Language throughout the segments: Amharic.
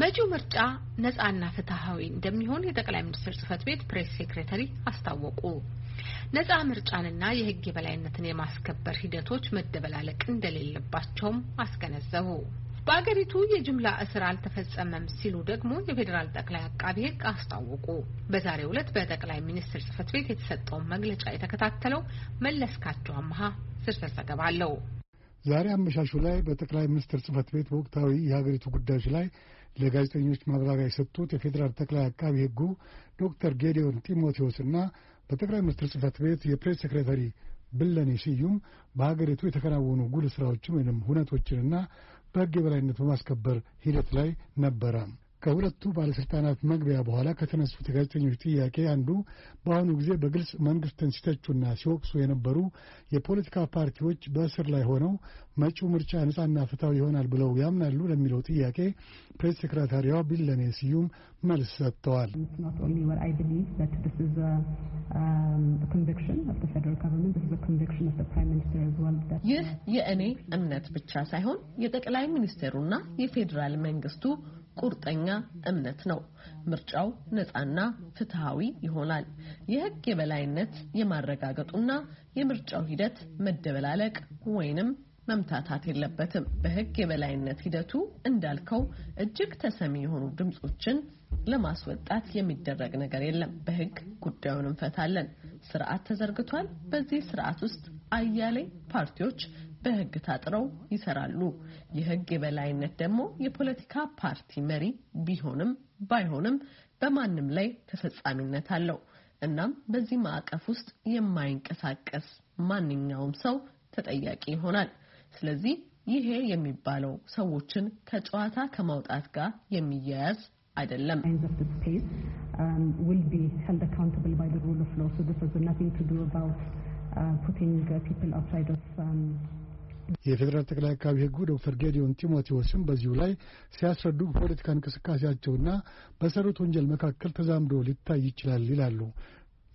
መጪው ምርጫ ነጻና ፍትሐዊ እንደሚሆን የጠቅላይ ሚኒስትር ጽህፈት ቤት ፕሬስ ሴክሬታሪ አስታወቁ። ነጻ ምርጫንና የህግ የበላይነትን የማስከበር ሂደቶች መደበላለቅ እንደሌለባቸውም አስገነዘቡ። በአገሪቱ የጅምላ እስር አልተፈጸመም ሲሉ ደግሞ የፌዴራል ጠቅላይ አቃቢ ሕግ አስታወቁ። በዛሬው ዕለት በጠቅላይ ሚኒስትር ጽህፈት ቤት የተሰጠውን መግለጫ የተከታተለው መለስካቸው አመሃ ዝርዝር ዘገባ አለው። ዛሬ አመሻሹ ላይ በጠቅላይ ሚኒስትር ጽህፈት ቤት በወቅታዊ የሀገሪቱ ጉዳዮች ላይ ለጋዜጠኞች ማብራሪያ የሰጡት የፌዴራል ጠቅላይ አቃቢ ሕጉ ዶክተር ጌዲዮን እና በጠቅላይ ሚኒስትር ጽህፈት ቤት የፕሬስ ሴክሬታሪ ብለኔ ስዩም በሀገሪቱ የተከናወኑ ጉል ስራዎችን ወይም ሁነቶችንና በሕግ የበላይነት በማስከበር ሂደት ላይ ነበረ። ከሁለቱ ባለሥልጣናት መግቢያ በኋላ ከተነሱት የጋዜጠኞች ጥያቄ አንዱ በአሁኑ ጊዜ በግልጽ መንግሥትን ሲተቹና ሲወቅሱ የነበሩ የፖለቲካ ፓርቲዎች በእስር ላይ ሆነው መጪው ምርጫ ነጻና ፍትሐዊ ይሆናል ብለው ያምናሉ ለሚለው ጥያቄ ፕሬስ ሴክረታሪዋ ቢለኔ ስዩም መልስ ሰጥተዋል። ይህ um, የእኔ እምነት ብቻ ሳይሆን የጠቅላይ ሚኒስትሩና የፌዴራል መንግስቱ ቁርጠኛ እምነት ነው። ምርጫው ነፃና ፍትሃዊ ይሆናል። የህግ የበላይነት የማረጋገጡና የምርጫው ሂደት መደበላለቅ ወይንም መምታታት የለበትም። በህግ የበላይነት ሂደቱ እንዳልከው እጅግ ተሰሚ የሆኑ ድምፆችን ለማስወጣት የሚደረግ ነገር የለም። በህግ ጉዳዩን እንፈታለን። ስርዓት ተዘርግቷል። በዚህ ስርዓት ውስጥ አያሌ ፓርቲዎች በህግ ታጥረው ይሰራሉ። የህግ የበላይነት ደግሞ የፖለቲካ ፓርቲ መሪ ቢሆንም ባይሆንም በማንም ላይ ተፈጻሚነት አለው። እናም በዚህ ማዕቀፍ ውስጥ የማይንቀሳቀስ ማንኛውም ሰው ተጠያቂ ይሆናል። ስለዚህ ይሄ የሚባለው ሰዎችን ከጨዋታ ከማውጣት ጋር የሚያያዝ አይደለም። um, uh, uh, um, የፌዴራል ጠቅላይ አቃቢ ሕጉ ዶክተር ጌዲዮን ጢሞቴዎስም በዚሁ ላይ ሲያስረዱ በፖለቲካ እንቅስቃሴያቸውና በሰሩት ወንጀል መካከል ተዛምዶ ሊታይ ይችላል ይላሉ።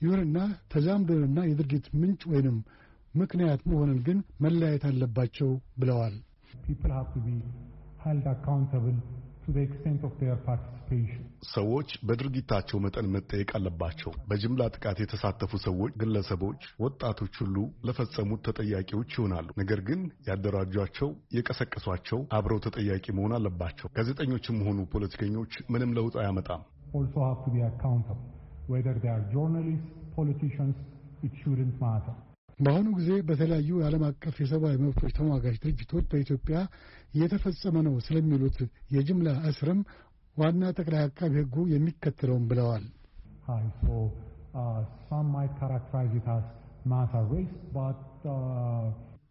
ይሁንና ተዛምዶንና የድርጊት ምንጭ ወይንም ምክንያት መሆንን ግን መለያየት አለባቸው ብለዋል። ሰዎች በድርጊታቸው መጠን መጠየቅ አለባቸው። በጅምላ ጥቃት የተሳተፉ ሰዎች፣ ግለሰቦች፣ ወጣቶች ሁሉ ለፈጸሙት ተጠያቂዎች ይሆናሉ። ነገር ግን ያደራጇቸው፣ የቀሰቀሷቸው አብረው ተጠያቂ መሆን አለባቸው። ጋዜጠኞችም ሆኑ ፖለቲከኞች ምንም ለውጥ አያመጣም። ፖለቲሽንስ በአሁኑ ጊዜ በተለያዩ የዓለም አቀፍ የሰብአዊ መብቶች ተሟጋች ድርጅቶች በኢትዮጵያ እየተፈጸመ ነው ስለሚሉት የጅምላ እስርም ዋና ጠቅላይ አቃቢ ሕጉ የሚከተለውም ብለዋል። uh,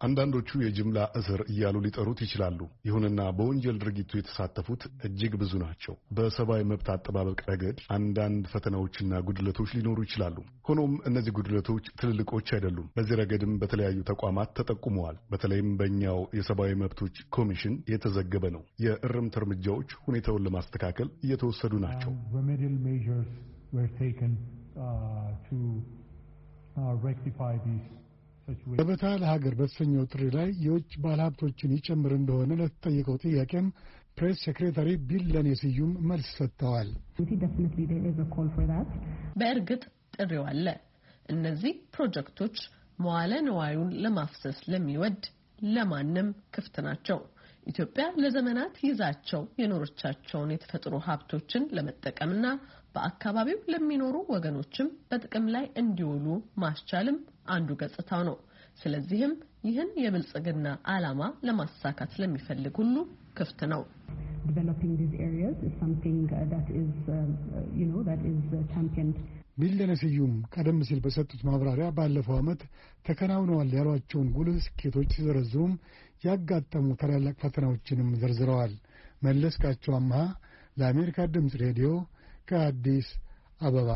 አንዳንዶቹ የጅምላ እስር እያሉ ሊጠሩት ይችላሉ። ይሁንና በወንጀል ድርጊቱ የተሳተፉት እጅግ ብዙ ናቸው። በሰብአዊ መብት አጠባበቅ ረገድ አንዳንድ ፈተናዎችና ጉድለቶች ሊኖሩ ይችላሉ። ሆኖም እነዚህ ጉድለቶች ትልልቆች አይደሉም። በዚህ ረገድም በተለያዩ ተቋማት ተጠቁመዋል። በተለይም በእኛው የሰብአዊ መብቶች ኮሚሽን የተዘገበ ነው። የእርምት እርምጃዎች ሁኔታውን ለማስተካከል እየተወሰዱ ናቸው። ገበታ ለሀገር በተሰኘው ጥሪ ላይ የውጭ ባለሀብቶችን ይጨምር እንደሆነ ለተጠየቀው ጥያቄም ፕሬስ ሴክሬታሪ ቢለኔ ስዩም መልስ ሰጥተዋል። በእርግጥ ጥሪው አለ። እነዚህ ፕሮጀክቶች መዋለ ንዋዩን ለማፍሰስ ለሚወድ ለማንም ክፍት ናቸው። ኢትዮጵያ ለዘመናት ይዛቸው የኖሮቻቸውን የተፈጥሮ ሀብቶችን ለመጠቀምና በአካባቢው ለሚኖሩ ወገኖችም በጥቅም ላይ እንዲውሉ ማስቻልም አንዱ ገጽታ ነው። ስለዚህም ይህን የብልጽግና ዓላማ ለማሳካት ለሚፈልግ ሁሉ ክፍት ነው። uh, uh, uh, ሚሊዮን ስዩም ቀደም ሲል በሰጡት ማብራሪያ ባለፈው ዓመት ተከናውነዋል ያሏቸውን ጉልህ ስኬቶች ሲዘረዝሩም ያጋጠሙ ታላላቅ ፈተናዎችንም ዘርዝረዋል። መለስካቸው አምሃ ለአሜሪካ ድምፅ ሬዲዮ ከአዲስ አበባ